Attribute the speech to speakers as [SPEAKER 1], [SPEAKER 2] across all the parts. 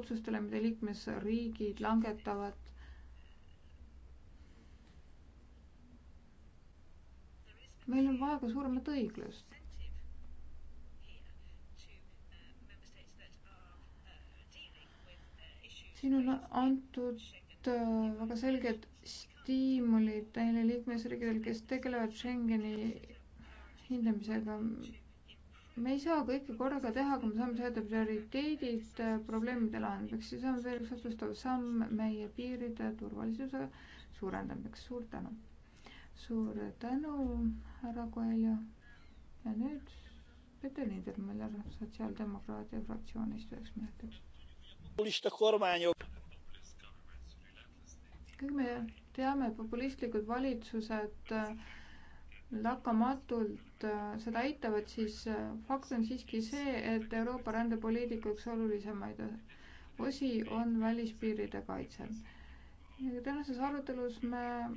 [SPEAKER 1] otsustele, mida liikmesriigid langetavad. meil on vaja ka suuremat õiglust. siin on antud äh, väga selged stiimulid neile liikmesriikidele, kes tegelevad Schengeni hindamisega me ei saa kõike korraga teha, aga me saame seada prioriteedid äh, probleemide lahendamiseks ja see on veel üks otsustav samm meie piiride turvalisuse suurendamiseks. suur tänu. suur tänu, härra Koelja. ja nüüd Peeter Niedermüller Sotsiaaldemokraatia fraktsioonist üheks minutiks. kõik me teame, populistlikud valitsused äh, lakkamatult poolt äh, seda eitavad, siis äh, fakt on siiski see, et Euroopa rändepoliitika üks olulisemaid osi on välispiiride kaitse. tänases arutelus me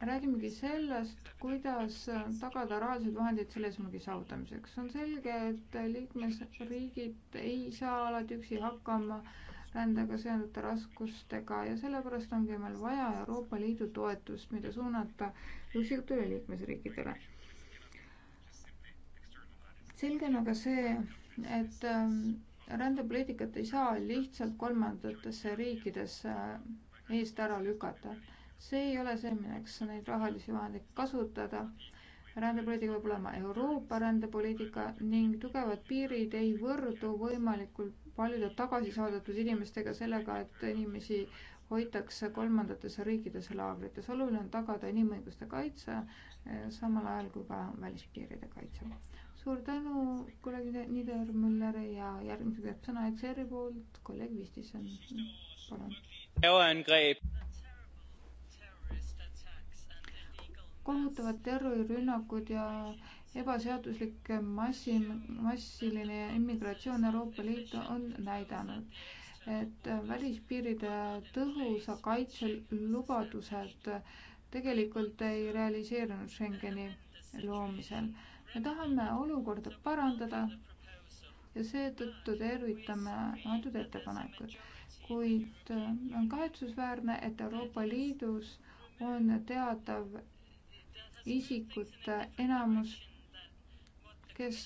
[SPEAKER 1] räägimegi sellest, kuidas äh, tagada rahalised vahendid selle eesmärgi saavutamiseks. on selge, et liikmesriigid ei saa alati üksi hakkama rändega seonduvate raskustega ja sellepärast ongi meil vaja Euroopa Liidu toetust, mida suunata üksikutele liikmesriikidele selge on aga see, et ähm, rändepoliitikat ei saa lihtsalt kolmandatesse riikidesse äh, eest ära lükata. see ei ole see, milleks neid rahalisi vahendeid kasutada. rändepoliitika peab olema Euroopa rändepoliitika ning tugevad piirid ei võrdu võimalikult paljude tagasi saadetud inimestega sellega, et inimesi hoitakse kolmandates riikides laagrites. oluline on tagada inimõiguste kaitse äh, samal ajal kui ka välispiiride kaitse suur tänu kolleeg Niedermüller ja järgmiseks jääb sõna ECR-i poolt kolleeg Vistisen, palun. kohutavad terrorirünnakud ja ebaseaduslik massi, massiline immigratsioon Euroopa Liitu on näidanud, et välispiiride tõhusa kaitse lubadused tegelikult ei realiseerunud Schengeni loomisel me tahame olukorda parandada ja seetõttu tervitame antud ettepanekut. kuid äh, on kahetsusväärne, et Euroopa Liidus on teatav isikute enamus, kes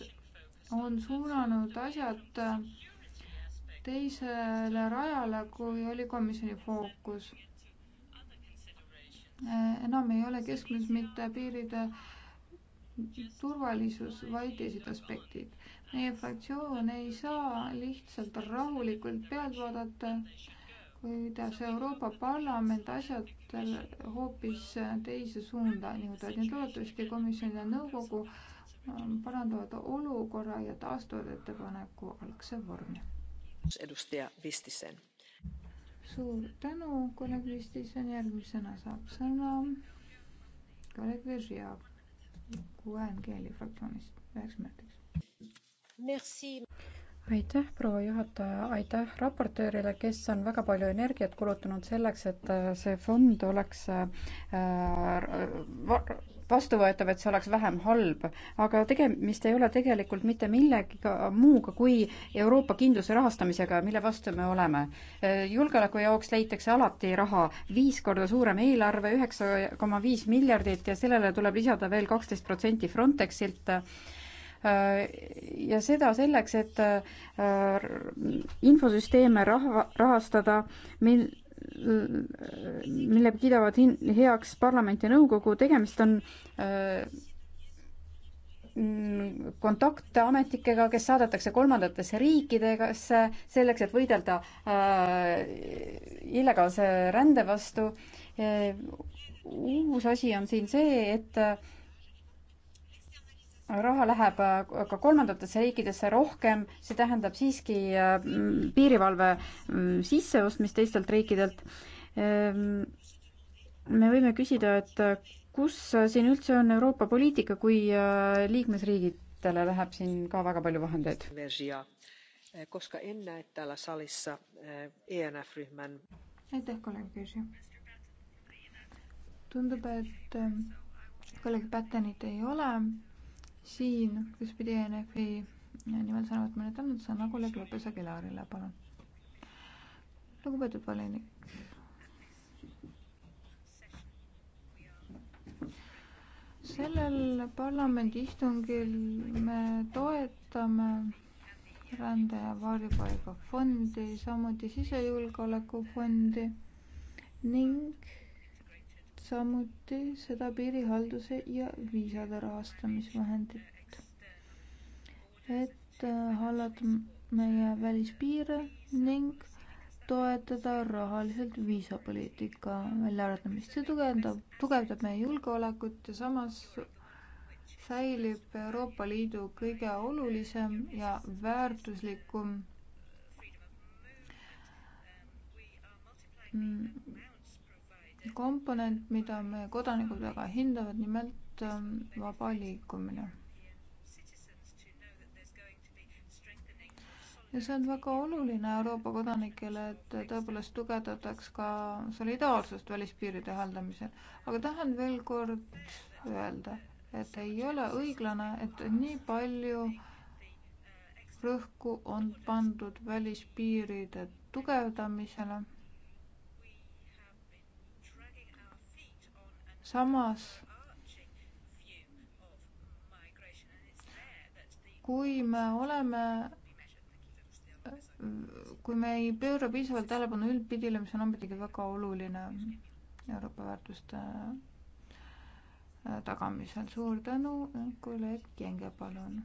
[SPEAKER 1] on suunanud asjad äh, teisele rajale, kui oli komisjoni fookus. Äh, enam ei ole keskmes mitte piiride äh, turvalisus, vaid teised aspektid. meie fraktsioon ei saa lihtsalt rahulikult pealt vaadata, kuidas Euroopa Parlament asjadel hoopis teise suunda nihutavad. nii et loodetavasti komisjon ja nõukogu ähm, parandavad olukorra ja taastavad ettepaneku algse vormi. edustaja Vistisen. suur tänu, kolleeg Vistisen, järgmisena saab sõna kolleeg Veržjak QNGL-i fraktsioonist üheks minutiks. aitäh, proua juhataja, aitäh
[SPEAKER 2] raportöörile, kes on väga palju energiat kulutanud selleks, et äh, see fond oleks äh, äh vastuvõetav, et see oleks vähem halb, aga tegemist ei ole tegelikult mitte millegiga muuga kui Euroopa kindluse rahastamisega, mille vastu me oleme. julgeoleku jaoks leitakse alati raha, viis korda suurem eelarve, üheksa koma viis miljardit ja sellele tuleb lisada veel kaksteist protsenti Frontexilt ja seda selleks, et infosüsteeme rahva, rahastada, mil mille kiidavad hin-, heaks parlament ja nõukogu, tegemist on äh, kontaktametnikega, kes saadetakse kolmandatesse riikidesse selleks, et võidelda äh, illegaalse rände vastu. Äh, uus asi on siin see, et äh, raha läheb äh, ka kolmandatesse riikidesse rohkem, see tähendab siiski äh, piirivalve mm, sisseostmist teistelt riikidelt. Ähm, me võime küsida, et äh, kus siin üldse on Euroopa poliitika, kui liikmesriigidele läheb siin ka väga palju vahendeid?
[SPEAKER 1] koska en näe täällä salissa
[SPEAKER 3] ENF-ryhmän.
[SPEAKER 1] Aitäh kolleeg Küüsi. tundub, et ähm, kolleeg Pätenit ei ole siin, kus pidi ENF-i nimel sõna võtma nüüd on, sõna kolleeg Lopes Aguilarile, palun. lugupeetud volinik. sellel parlamendi istungil me toetame rände- ja varjupaigafondi, samuti sisejulgeolekufondi ning samuti seda piirihalduse ja viisade rahastamisvahendit et äh, hallata meie välispiire ning toetada rahaliselt viisapoliitika väljaarendamist. see tugevdab, tugevdab meie julgeolekut ja samas säilib Euroopa Liidu kõige olulisem ja väärtuslikum mm, komponent, mida meie kodanikud väga hindavad, nimelt ähm, vaba liikumine. ja see on väga oluline Euroopa kodanikele, et tõepoolest tugevdataks ka solidaarsust välispiiride haldamisel. aga tahan veel kord öelda, et ei ole õiglane, et nii palju rõhku on pandud välispiiride tugevdamisele samas kui me oleme, kui me ei pööra piisavalt tähelepanu üldpildile, mis on ometigi väga oluline Euroopa väärtuste äh, tagamisel. suur tänu, kolleeg Jänge, palun.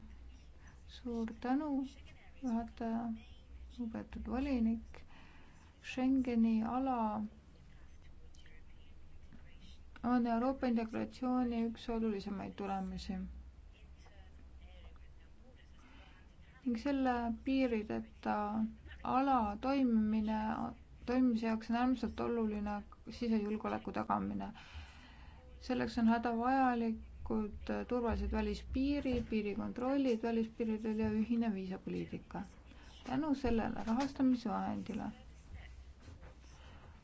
[SPEAKER 1] suur tänu, juhataja, lugupeetud volinik. Schengeni ala on Euroopa integratsiooni üks olulisemaid tulemusi. ning selle piirideta ala toimimine, toimimise jaoks on äärmiselt oluline sisejulgeoleku tagamine. selleks on hädavajalikud turvalised välispiirid, piirikontrollid välispiiridel ja ühine viisapoliitika. tänu sellele rahastamisvahendile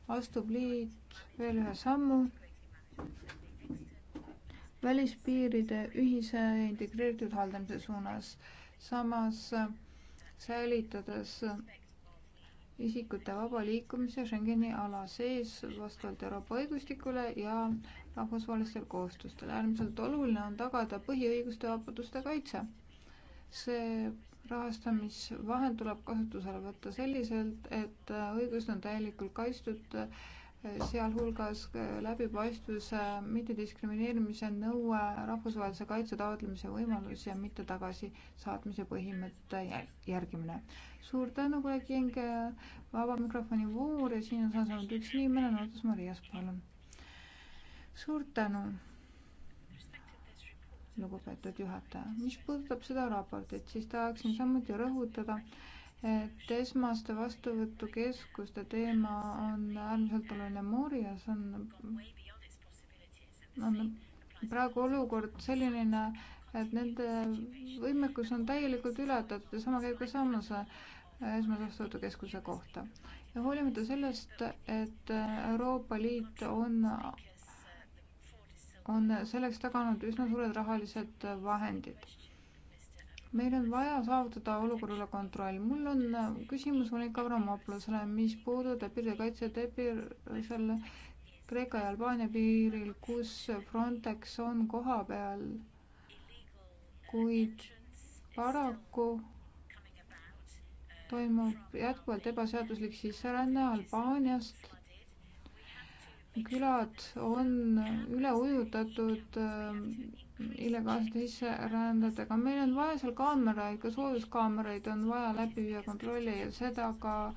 [SPEAKER 1] astub liit veel ühe sammu välispiiride ühise integreeritud haldamise suunas, samas säilitades isikute vaba liikumise Schengeni ala sees vastavalt Euroopa õigustikule ja rahvusvahelistele kohustustele. äärmiselt oluline on tagada põhiõiguste ja vabaduste kaitse. see rahastamisvahend tuleb kasutusele võtta selliselt, et õigused on täielikult kaitstud äh, sealhulgas äh, läbipaistvuse, mittediskrimineerimise nõue, rahvusvahelise kaitse taotlemise võimalus ja mitte tagasisaatmise põhimõtte järgimine. suur tänu, kolleeg Jeng, äh, vaba mikrofoni voor ja siin on saanud üks inimene, Nootus Marias, palun. suur tänu, lugupeetud juhataja. mis puudutab seda raportit, siis tahaksin samuti rõhutada, et esmaste vastuvõtukeskuste teema on äärmiselt oluline Morias on, on praegu olukord selline, et nende võimekus on täielikult ületatud ja sama käib ka Sammuse esmase vastuvõtukeskuse kohta. ja hoolimata sellest, et Euroopa Liit on, on selleks taganud üsna suured rahalised vahendid meil on vaja saavutada olukorra üle kontroll. mul on äh, küsimus Monika Avramopoulosele, mis puudutab piirikaitset piirisel Kreeka ja Albaania piiril, kus Frontex on kohapeal, kuid paraku toimub jätkuvalt ebaseaduslik sisseränne Albaaniast. külad on üle ujutatud äh, illegaalsete sisserändajatega. meil on vaja seal kaameraid, ka soojuskaameraid on vaja läbi viia kontrolli ja seda ka,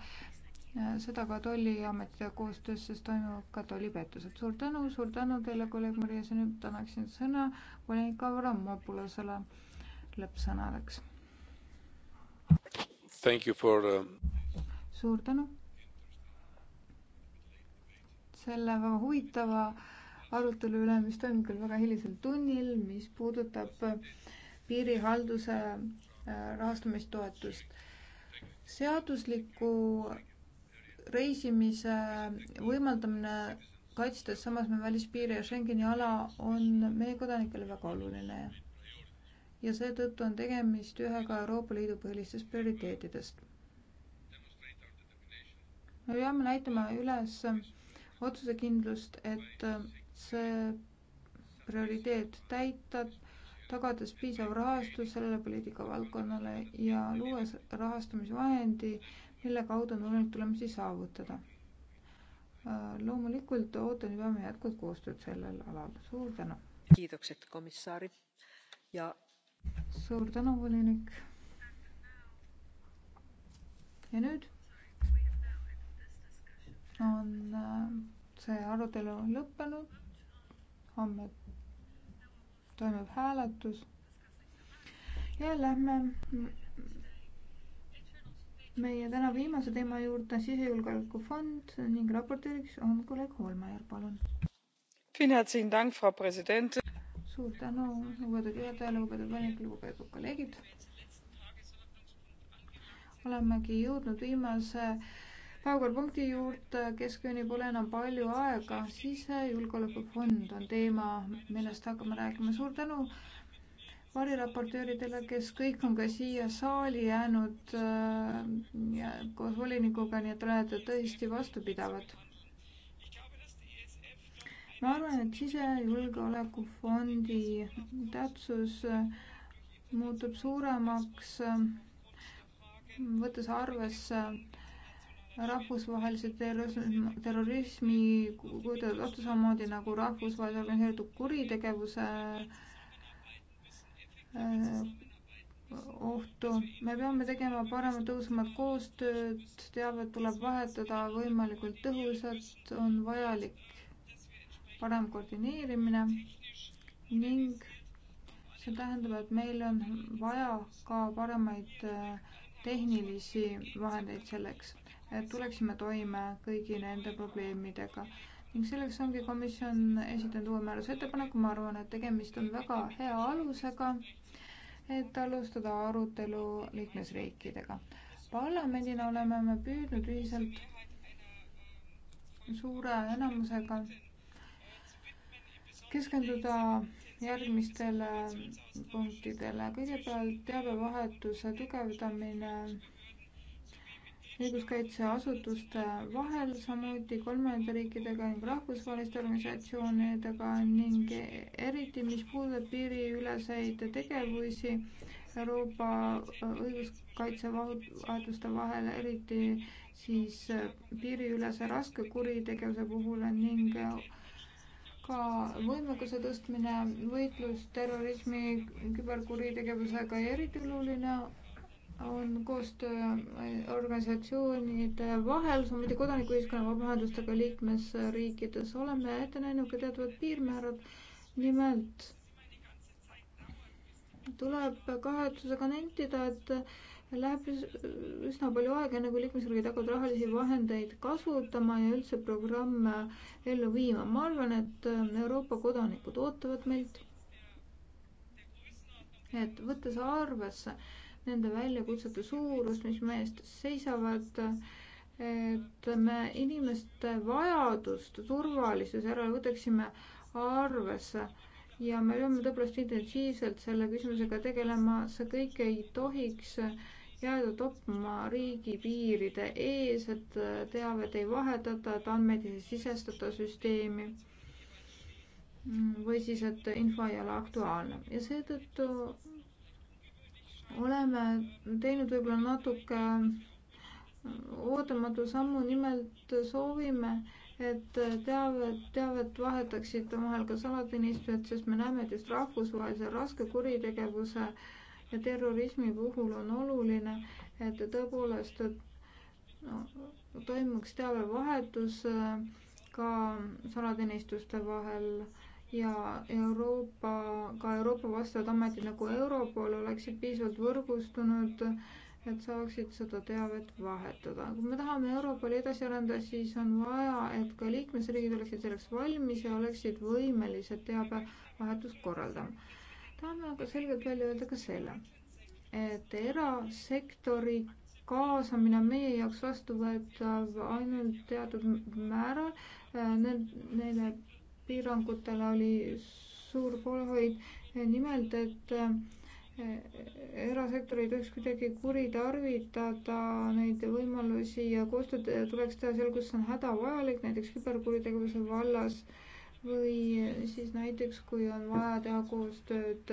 [SPEAKER 1] seda ka tolliametite koostöös, sest toimuvad ka tollipettused. suur tänu, suur tänu teile, kolleeg Maria, ja nüüd annaksin sõna volinik Avramopoulosele lõppsõnadeks. For... Uh, suur tänu selle väga huvitava arutelu üle, mis toimub küll väga hilisel tunnil, mis puudutab äh, piirihalduse äh, rahastamistoetust. seadusliku reisimise võimaldamine, kaitstes samas meie välispiiri ja Schengeni ala, on meie kodanikele väga oluline. ja seetõttu on tegemist ühega Euroopa Liidu põhilistest prioriteetidest. me peame näitama üles otsusekindlust, et see prioriteet täita, tagades piisav rahastus sellele poliitikavaldkonnale ja luues rahastamisvahendi, mille kaudu on võimalik tulemusi saavutada. loomulikult ootan juba meie jätkuvalt koostööd sellel alal. suur tänu! kiitokset komissari ja suur tänu, volinik. ja nüüd on äh, see arutelu lõppenud homme toimub hääletus ja lähme meie täna viimase teema juurde, sisejulgeolekufond ning raportööriks on kolleeg Holmajärv, palun. suur tänu, lugupeetud juhataja, lugupeetud valik, lugupeetud kolleegid. olemegi jõudnud viimase päevakorrapunkti juurde, keskööni pole enam palju aega, sisejulgeolekufond on teema, millest hakkame rääkima. suur tänu variraportööridele, kes kõik on ka siia saali jäänud äh, koos volinikuga, nii et olete tõesti vastupidavad. ma arvan, et sisejulgeolekufondi tähtsus äh, muutub suuremaks äh,, võttes arvesse äh, rahvusvahelise terrorismi, terrorismi kujutavad vastu samamoodi nagu rahvusvahelise organiseeritud kuritegevuse äh, ohtu. me peame tegema paremat, tõhusamat koostööd, teavet tuleb vahetada võimalikult tõhusalt, on vajalik parem koordineerimine ning see tähendab, et meil on vaja ka paremaid äh, tehnilisi vahendeid selleks et tuleksime toime kõigi nende probleemidega ning selleks ongi komisjon esitanud uue määruse ettepaneku, ma arvan, et tegemist on väga hea alusega, et alustada arutelu liikmesriikidega. parlamendina oleme me püüdnud ühiselt suure enamusega keskenduda järgmistele punktidele. kõigepealt teabevahetuse tugevdamine õiguskaitseasutuste vahel, samuti kolmandate riikidega ning rahvusvaheliste organisatsioonidega ning eriti, mis puudutab piiriüleseid tegevusi Euroopa äh, õiguskaitsevahetuste vahel, eriti siis äh, piiriülese raske kuritegevuse puhul ning äh, ka võimekuse tõstmine, võitlus terrorismi, küberkuritegevusega ja eriti oluline on koostöö organisatsioonide vahel, samuti kodanikuühiskonna vabaühendustega liikmesriikides. oleme ette näinud ka teatavad piirmäärad. nimelt tuleb kahetsusega nentida, et läheb üsna palju aega, enne kui liikmesriigid hakkavad rahalisi vahendeid kasutama ja üldse programme ellu viima. ma arvan, et Euroopa kodanikud ootavad meilt, et võttes arvesse äh, nende väljakutsete suurust, mis meie eest seisavad, et me inimeste vajadust turvalisuse järele võtaksime arvesse ja me peame tõepoolest intensiivselt selle küsimusega tegelema, see kõik ei tohiks jääda toppama riigipiiride ees, et teavet ei vahetata, et andmeid ei sisestata süsteemi. või siis, et info ei ole aktuaalne ja seetõttu oleme teinud võib-olla natuke ootamatu sammu, nimelt soovime, et teavet, teavet vahetaksid omavahel ka salateenistujad, sest me näeme, et just rahvusvahelise raske kuritegevuse ja terrorismi puhul on oluline, et tõepoolest et, no, toimuks teabevahetus äh, ka salateenistuste vahel ja Euroopa, ka Euroopa vastavad ametid nagu Europol oleksid piisavalt võrgustunud, et saaksid seda teavet vahetada. kui me tahame Europoli edasi arendada, siis on vaja, et ka liikmesriigid oleksid selleks valmis ja oleksid võimelised teabevahetust korraldama. tahame aga selgelt välja öelda ka selle, et erasektori kaasamine on meie jaoks vastuvõetav ainult teatud määral, neile piirangutele oli suur poolehoid, nimelt, et eh, erasektor ei tohiks kuidagi kuritarvitada neid võimalusi ja koostööd tuleks teha seal, kus on hädavajalik, näiteks küberkuritegevuse vallas või siis näiteks, kui on vaja teha koostööd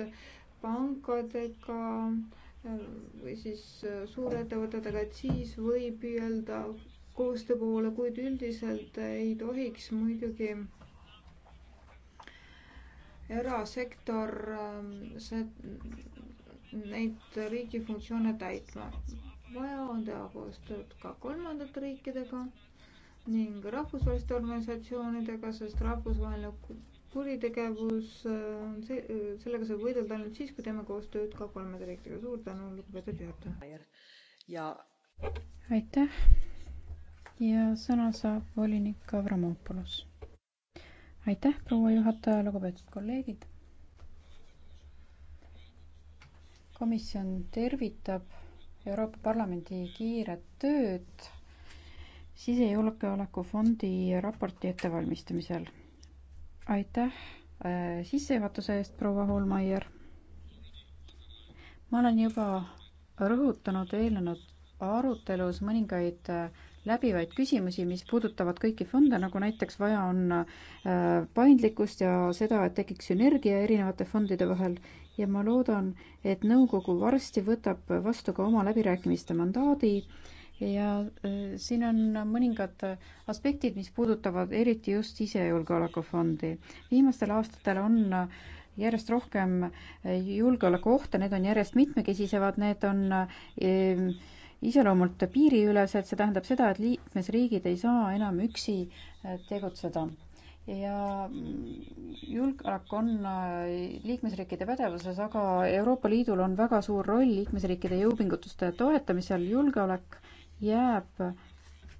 [SPEAKER 1] pankadega eh, või siis suurettevõtetega, et siis võib püüelda koostöö poole, kuid üldiselt ei tohiks muidugi erasektor ähm, see, neid riigi funktsioone täitma. vaja on teha koostööd ka kolmandate riikidega ning rahvusvaheliste organisatsioonidega, sest rahvusvaheline kuritegevus äh, on see, sellega saab võidelda ainult siis, kui teeme koostööd ka kolmandate riikidega. suur tänu, lugupeetud juhataja. ja
[SPEAKER 2] aitäh ja sõna saab volinik Avramopoulos aitäh, proua juhataja, lugupeetud kolleegid. komisjon tervitab Euroopa Parlamendi kiiret tööd sisejulgeolekufondi raporti ettevalmistamisel. aitäh äh, sissejuhatuse eest, proua Hoolmeier. ma olen juba rõhutanud eelnenud arutelus mõningaid äh, läbivaid küsimusi, mis puudutavad kõiki fonde, nagu näiteks vaja on äh, paindlikkust ja seda, et tekiks sünergia erinevate fondide vahel ja ma loodan, et nõukogu varsti võtab vastu ka oma läbirääkimiste mandaadi ja äh, siin on mõningad aspektid, mis puudutavad eriti just sisejulgeolekufondi. viimastel aastatel on äh, järjest rohkem julgeolekuohte, need on järjest mitmekesisevad, need on iseloomult piiriülesed, see tähendab seda, et liikmesriigid ei saa enam üksi äh, tegutseda ja julgeolek on äh, liikmesriikide pädevuses, aga Euroopa Liidul on väga suur roll liikmesriikide jõupingutuste toetamisel, julgeolek jääb äh,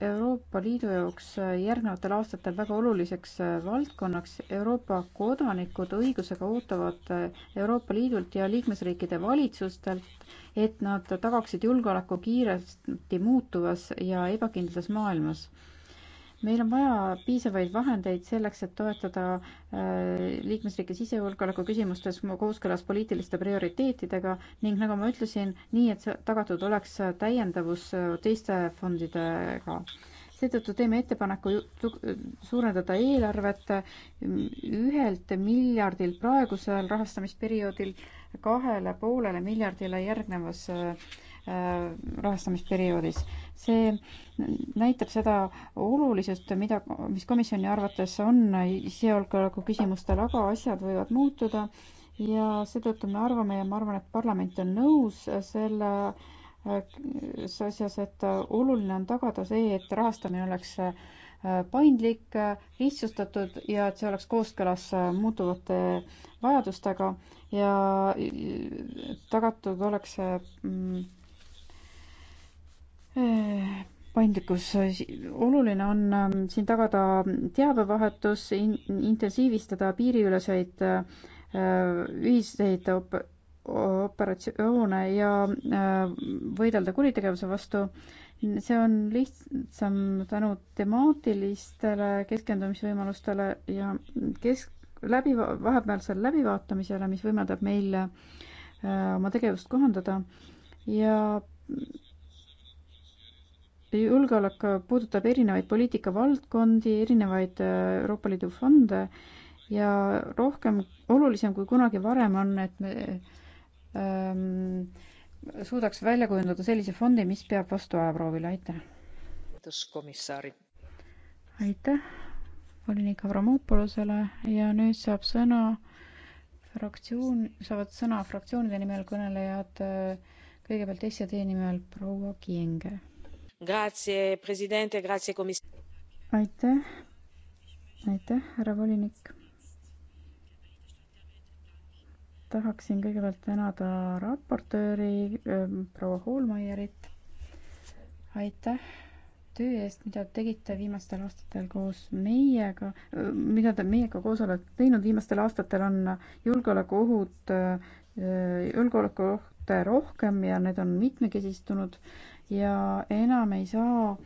[SPEAKER 2] Euroopa Liidu jaoks järgnevatel aastatel väga oluliseks äh, valdkonnaks. Euroopa kodanikud õigusega ootavad äh, Euroopa Liidult ja liikmesriikide valitsustelt, et nad tagaksid julgeoleku kiiresti muutuvas ja ebakindlas maailmas meil on vaja piisavaid vahendeid selleks, et toetada äh, liikmesriike sisejulgeoleku küsimustes kooskõlas poliitiliste prioriteetidega ning nagu ma ütlesin, nii et tagatud oleks täiendavus teiste fondidega seetõttu teeme ettepaneku suurendada eelarvet ühelt miljardilt praegusel rahastamisperioodil kahele poolele miljardile järgnevas äh, rahastamisperioodis see näitab seda olulisust, mida, mis komisjoni arvates on sisejulgeoleku küsimustel, aga asjad võivad muutuda ja seetõttu me arvame ja ma arvan, et parlament on nõus selle äh, asjas, et oluline on tagada see, et rahastamine oleks äh, paindlik, lihtsustatud ja et see oleks kooskõlas äh, muutuvate vajadustega ja tagatud oleks mm, Äh, paindlikkus, oluline on ähm, siin tagada teabevahetus, intensiivistada piiriüleseid äh, ühiseid op-, operatsioone ja äh, võidelda kuritegevuse vastu. see on lihtsam tänu temaatilistele keskendumisvõimalustele ja kesk-, läbi, vahepealsele läbivaatamisele, mis võimaldab meil oma tegevust kohandada ja julgeolek puudutab erinevaid poliitikavaldkondi, erinevaid äh, Euroopa Liidu fonde ja rohkem, olulisem kui kunagi varem on, et me ähm, suudaks välja kujundada sellise fondi, mis peab vastu ajaproovile, aitäh. aitäh volinik Avramopolosele ja nüüd saab sõna fraktsioon, saavad sõna fraktsioonide nimel kõnelejad, äh, kõigepealt SD nimel proua Kienge aitäh, aitäh, härra volinik. tahaksin kõigepealt tänada raportööri ähm, proua Hoolmeierit. aitäh töö eest, mida tegite viimastel aastatel koos meiega, äh, mida te meiega koos olete teinud viimastel aastatel, on julgeolekuohud, äh, äh, julgeolekuohte rohkem ja need on mitmekesistunud ja enam ei saa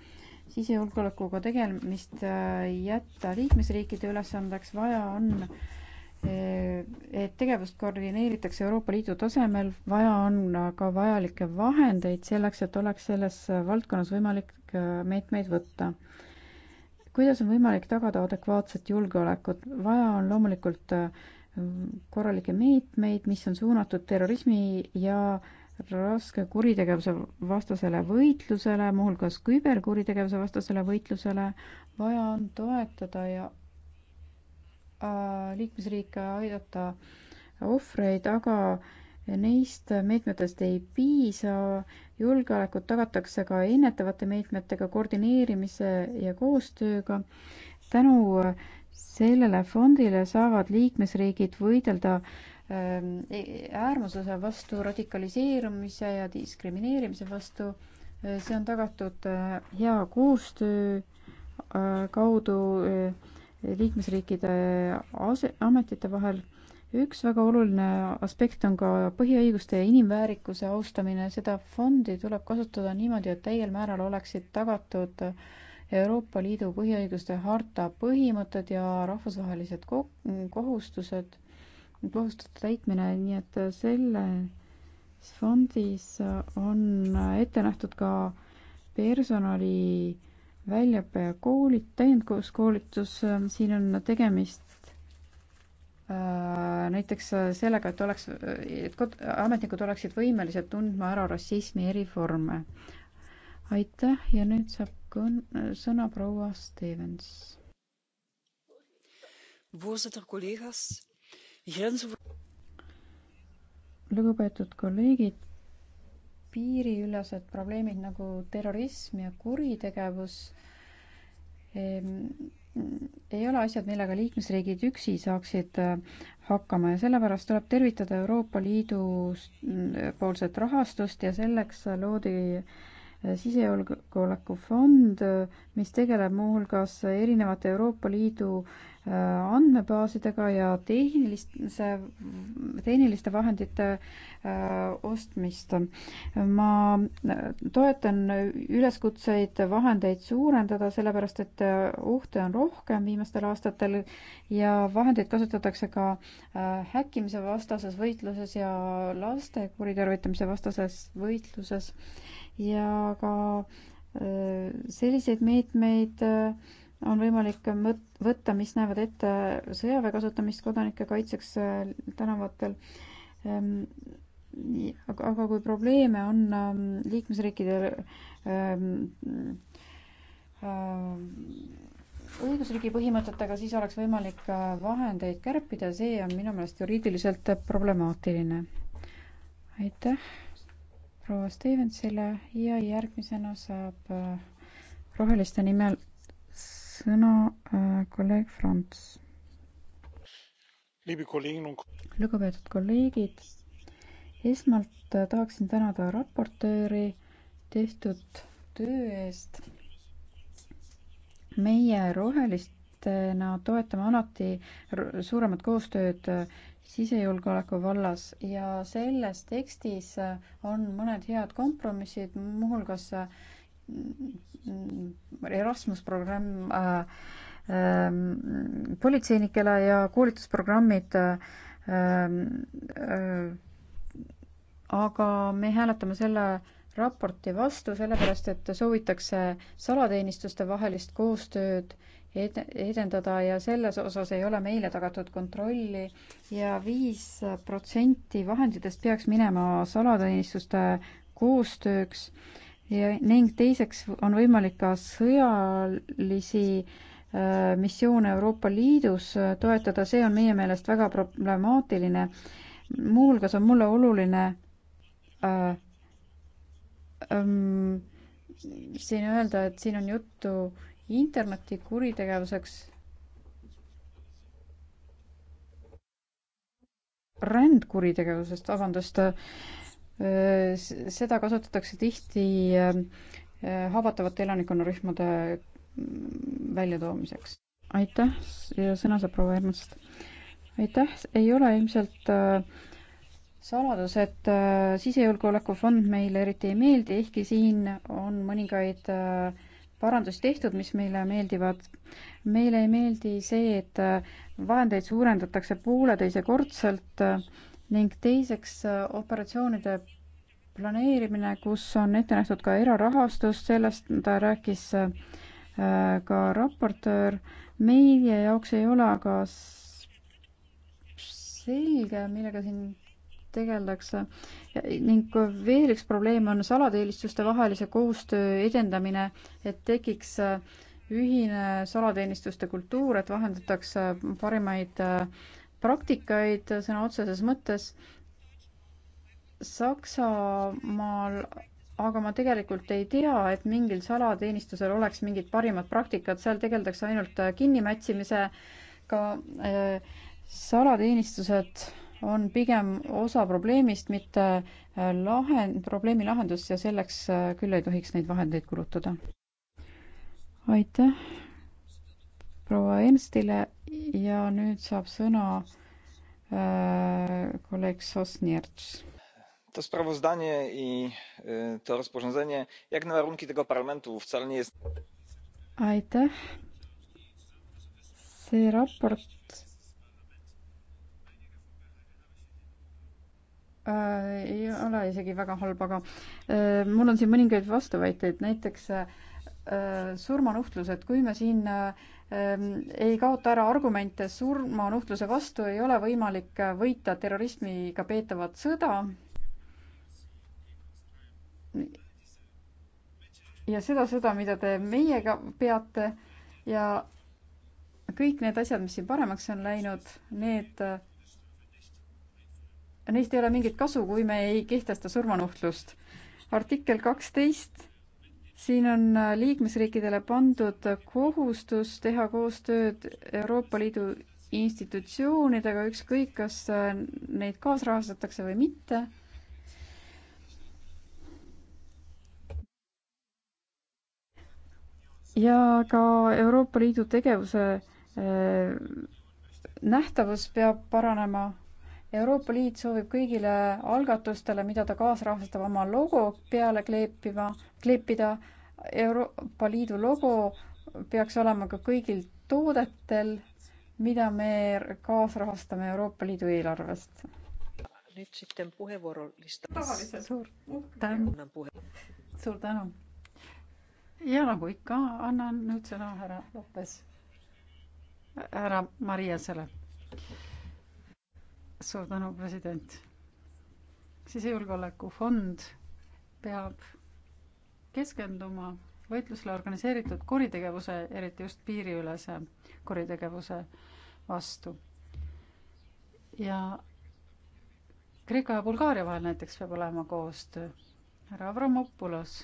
[SPEAKER 2] sisejulgeolekuga tegelemist äh, jätta liikmesriikide ülesandeks, vaja on äh, et tegevust koordineeritakse Euroopa Liidu tasemel, vaja on ka vajalikke vahendeid selleks, et oleks selles valdkonnas võimalik äh, meetmeid võtta. kuidas on võimalik tagada adekvaatset julgeolekut? vaja on loomulikult korralikke meetmeid, mis on suunatud terrorismi ja äh, raske kuritegevuse vastasele võitlusele, muuhulgas küberkuritegevuse vastasele võitlusele. vaja on toetada ja äh, liikmesriike aidata ohvreid, aga neist meetmetest ei piisa. julgeolekut tagatakse ka ennetavate meetmetega, koordineerimise ja koostööga. tänu sellele fondile saavad liikmesriigid võidelda äh, Ehm, e, äärmusluse vastu, radikaliseerumise ja diskrimineerimise vastu. E, see on tagatud e, hea koostöö kaudu liikmesriikide ase-, ametite vahel. üks väga oluline aspekt on ka põhiõiguste ja inimväärikuse austamine. seda fondi tuleb kasutada niimoodi, et täiel määral oleksid tagatud Euroopa Liidu põhiõiguste harta põhimõtted ja rahvusvahelised kohustused kohustuste täitmine, nii et selles fondis on ette nähtud ka personali väljaõpe ja koolid, täienduskoolitus, siin on tegemist äh, näiteks sellega, et oleks, et kod-, ametnikud oleksid võimelised tundma ära rassismi erivorme. aitäh ja nüüd saab kõn-, sõna proua Stevens.
[SPEAKER 3] voorzitter, collega's
[SPEAKER 2] lugupeetud kolleegid, piiriülesed probleemid nagu terrorism ja kuritegevus ehm, ei ole asjad, millega liikmesriigid üksi saaksid äh, hakkama ja sellepärast tuleb tervitada Euroopa Liidu äh, poolset rahastust ja selleks loodi äh, sisejulgeolekufond, mis tegeleb muuhulgas erinevate Euroopa Liidu Äh, andmebaasidega ja tehniliste, tehniliste vahendite äh, ostmist. ma äh, toetan üleskutseid vahendeid suurendada, sellepärast et ohte on rohkem viimastel aastatel ja vahendeid kasutatakse ka häkkimise vastases võitluses ja laste kuritarvitamise vastases võitluses ja ka selliseid meetmeid meet, meet on võimalik võtta, mis näevad ette sõjaväe kasutamist kodanike kaitseks äh, tänavatel. Ehm, aga kui probleeme on ähm, liikmesriikidel ehm, äh, õigusriigi põhimõtetega, siis oleks võimalik vahendeid kärpida, see on minu meelest juriidiliselt problemaatiline. aitäh proua Stevensile ja järgmisena saab äh, roheliste nimel sõna äh, kolleeg Franz. lugupeetud kolleegid, esmalt äh, tahaksin tänada raportööri tehtud töö eest. meie rohelistena toetame alati suuremat koostööd äh, sisejulgeoleku vallas ja selles tekstis on mõned head kompromissid, muuhulgas Erasmus programm äh, äh, politseinikele ja koolitusprogrammid ähm, äh, aga me hääletame selle raporti vastu, sellepärast et soovitakse salateenistuste vahelist koostööd ed-, edendada ja selles osas ei ole meile tagatud kontrolli ja viis protsenti vahenditest peaks minema salateenistuste koostööks äh, ja ning teiseks on võimalik ka sõjalisi äh, missioone Euroopa Liidus äh, toetada, see on meie meelest väga problemaatiline. muuhulgas on mulle oluline äh, ähm, siin öelda, et siin on juttu interneti kuritegevuseks rändkuritegevusest, vabandust, seda kasutatakse tihti äh, haavatavate elanikkonnarühmade mm, väljatoomiseks. aitäh ja sõna saab proua Ernast. aitäh, ei ole ilmselt äh, saladus, et äh, sisejulgeolekufond meile eriti ei meeldi, ehkki siin on mõningaid parandusi tehtud, mis meile meeldivad. meile ei meeldi see, et vahendeid suurendatakse pooleteisekordselt ning teiseks äh, operatsioonide planeerimine, kus on ette nähtud ka erarahastus, sellest ta rääkis äh, ka raportöör. meie jaoks ei ole aga selge, millega siin tegeldakse. ning veel üks probleem on salateenistuste vahelise koostöö edendamine, et tekiks äh, ühine salateenistuste kultuur, et vahendatakse parimaid äh, praktikaid sõna otseses mõttes. Saksamaal aga ma tegelikult ei tea, et mingil salateenistusel oleks mingid parimad praktikad, seal tegeldakse ainult äh, kinnimätsimisega. Äh, salateenistused on pigem osa probleemist, mitte äh, lahend, probleemi lahendus ja selleks küll ei tohiks neid vahendeid kulutada. aitäh, proua Ernstile ja nüüd saab sõna äh, kolleeg Sosnjerts.
[SPEAKER 1] To sprawozdanie i to rozporządzenie, jak na warunki tego parlamentu, wcale nie jest.
[SPEAKER 2] Aitäh. See raport äh, ei ole isegi väga halb, aga äh, mul on siin mõningaid vastuväiteid, näiteks äh, Äh, surmanuhtlus, et kui me siin ähm, ei kaota ära argumente surmanuhtluse vastu, ei ole võimalik äh, võita terrorismiga peetavat sõda. ja seda sõda, mida te meiega peate ja kõik need asjad, mis siin paremaks on läinud, need, äh, neist ei ole mingit kasu, kui me ei kehtesta surmanuhtlust. artikkel kaksteist siin on äh, liikmesriikidele pandud kohustus teha koostööd Euroopa Liidu institutsioonidega, ükskõik, kas äh, neid kaasrahastatakse või mitte. ja ka Euroopa Liidu tegevuse äh, nähtavus peab paranema Euroopa Liit soovib kõigile algatustele, mida ta kaasrahastab, oma logo peale kleepima, kleepida. Euroopa Liidu logo peaks olema ka kõigil toodetel, mida me kaasrahastame Euroopa Liidu eelarvest.
[SPEAKER 3] nüüd sitten puheenvuorolista. suur tänu. suur tänu. ja nagu ikka, annan nüüd sõna härra Lopes, härra Mariasele suur tänu, president. sisejulgeolekufond peab keskenduma võitlusele organiseeritud kuritegevuse, eriti just piiriülese kuritegevuse vastu. ja Kreeka ja Bulgaaria vahel näiteks peab olema koostöö. härra Avramopoulos,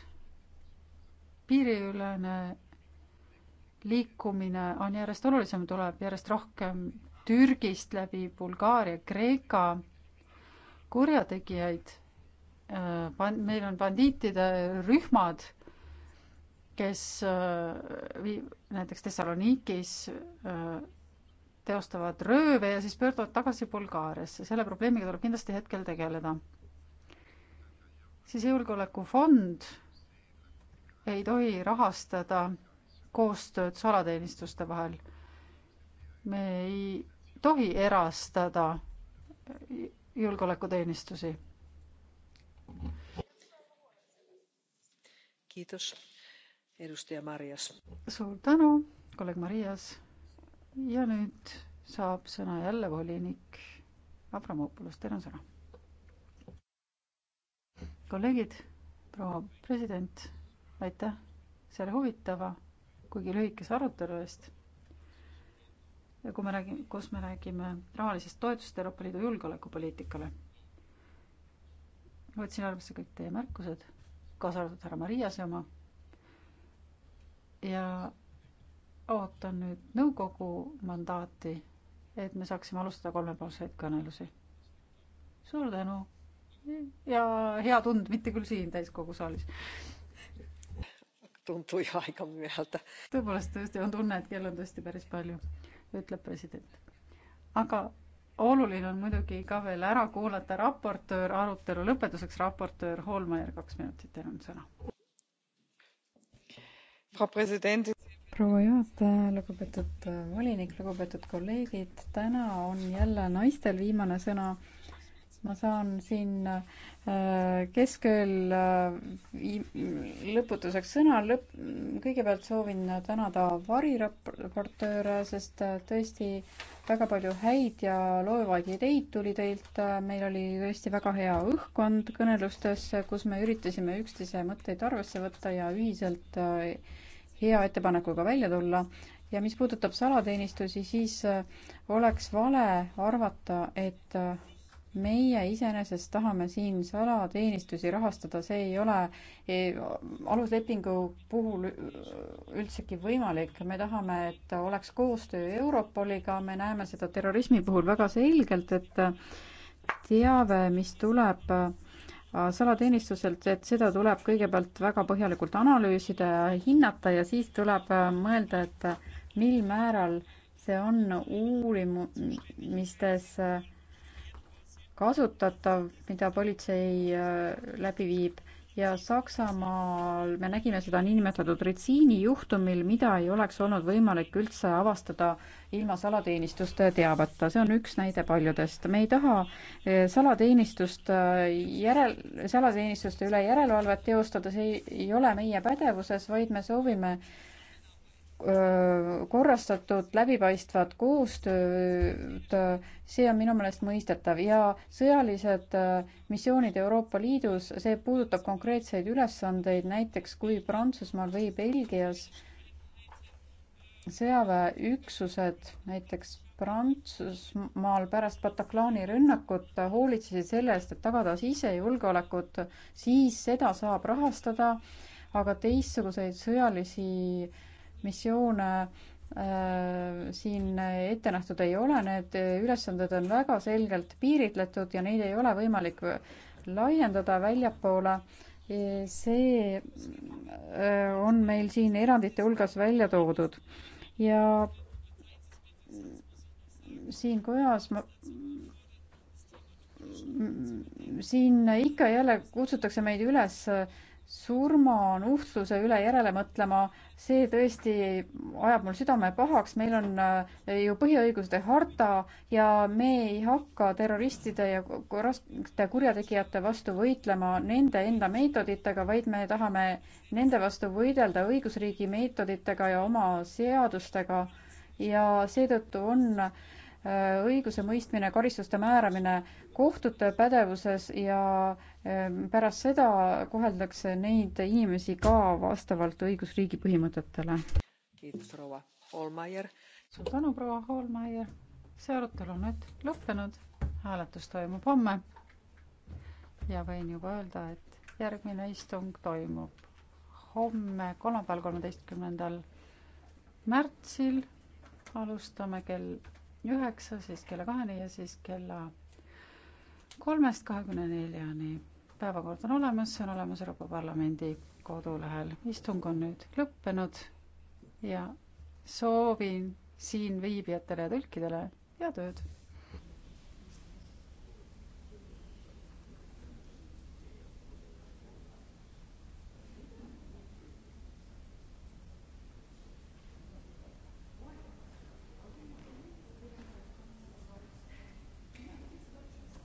[SPEAKER 3] piiriülene liikumine on järjest olulisem, tuleb järjest rohkem Türgist läbi Bulgaaria, Kreeka kurjategijaid. Äh, meil on bandiitide rühmad, kes äh, vii-, näiteks Thessalonikis äh, teostavad rööve ja siis pöörduvad tagasi Bulgaariasse, selle probleemiga tuleb kindlasti hetkel tegeleda. siis julgeolekufond ei tohi rahastada koostööd salateenistuste vahel. me ei tohi erastada julgeolekuteenistusi.
[SPEAKER 1] kiitos, edustaja Marias.
[SPEAKER 3] suur tänu, kolleeg Marias. ja nüüd saab sõna jälle volinik Avramopoulos, teil on sõna. kolleegid, proua president, aitäh selle huvitava, kuigi lühikese arutelu eest kui me räägime, kus me räägime rahalisest toetusest Euroopa Liidu julgeolekupoliitikale. võtsin arvesse kõik teie märkused, kaasa arvatud härra Mariase oma. ja ootan nüüd nõukogu mandaati, et me saaksime alustada kolmepoolseid kõnelusi. suur tänu ja hea tund, mitte küll siin täiskogu saalis tuntui aika myöhältä. Tõepoolest tõesti on tunne, et kell on tõesti päris palju ütleb president. aga oluline on muidugi ka veel ära kuulata raportöör, arutelu lõpetuseks raportöör Holmeier, kaks minutit, teil on sõna.
[SPEAKER 2] proua juhataja, lugupeetud volinik, lugupeetud kolleegid, täna on jälle naistel viimane sõna ma saan siin äh, keskööl äh, lõputuseks sõna. lõpp, kõigepealt soovin tänada variraportööre, sest äh, tõesti väga palju häid ja loovaid ideid tuli teilt. meil oli tõesti väga hea õhkkond kõnelustes, kus me üritasime üksteise mõtteid arvesse võtta ja ühiselt hea ettepanekuga välja tulla ja mis puudutab salateenistusi, siis oleks vale arvata, et meie iseenesest tahame siin salateenistusi rahastada, see ei ole ei, aluslepingu puhul üldsegi võimalik. me tahame, et oleks koostöö Europoliga, me näeme seda terrorismi puhul väga selgelt, et teave, mis tuleb äh, salateenistuselt, et seda tuleb kõigepealt väga põhjalikult analüüsida ja hinnata ja siis tuleb äh, mõelda, et mil määral see on uurimistes äh, kasutatav, mida politsei äh, läbi viib ja Saksamaal me nägime seda niinimetatud retsiini juhtumil, mida ei oleks olnud võimalik üldse avastada ilma salateenistuste teabeta, see on üks näide paljudest. me ei taha äh, salateenistust äh, järel, salateenistuste üle järelevalvet teostada, see ei ole meie pädevuses, vaid me soovime äh, Äh, korrastatud läbipaistvat koostööd, see on minu meelest mõistetav ja sõjalised äh, missioonid Euroopa Liidus, see puudutab konkreetseid ülesandeid, näiteks kui Prantsusmaal või Belgias sõjaväeüksused näiteks Prantsusmaal pärast Bataclani rünnakut hoolitsesid selle eest, et tagada sisejulgeolekut, siis seda saab rahastada, aga teistsuguseid sõjalisi äh, missioone äh, siin ette nähtud ei ole, need ülesanded on väga selgelt piiritletud ja neid ei ole võimalik laiendada väljapoole. see äh, on meil siin erandite hulgas välja toodud ja siin kojas ma siin ikka ja jälle kutsutakse meid üles äh, surma nuhtluse üle järele mõtlema, see tõesti ajab mul südame pahaks, meil on äh, ju põhiõiguste harta ja me ei hakka terroristide ja raskete kurjategijate vastu võitlema nende enda meetoditega, vaid me tahame nende vastu võidelda õigusriigi meetoditega ja oma seadustega. ja seetõttu on äh, õigusemõistmine, karistuste määramine kohtute pädevuses ja ehm, pärast seda koheldakse neid inimesi ka vastavalt õigusriigi põhimõtetele.
[SPEAKER 3] suur tänu, proua Hoolmeier. see arutelu on nüüd lõppenud, hääletus toimub homme. ja võin juba öelda, et järgmine istung toimub homme, kolmapäeval, kolmeteistkümnendal märtsil alustame kell üheksa, siis kella kaheni ja siis kella kolmest kahekümne neljani. päevakord on olemas, see on olemas Euroopa Parlamendi kodulehel. istung on nüüd lõppenud ja soovin siin viibijatele ja tõlkidele head ööd!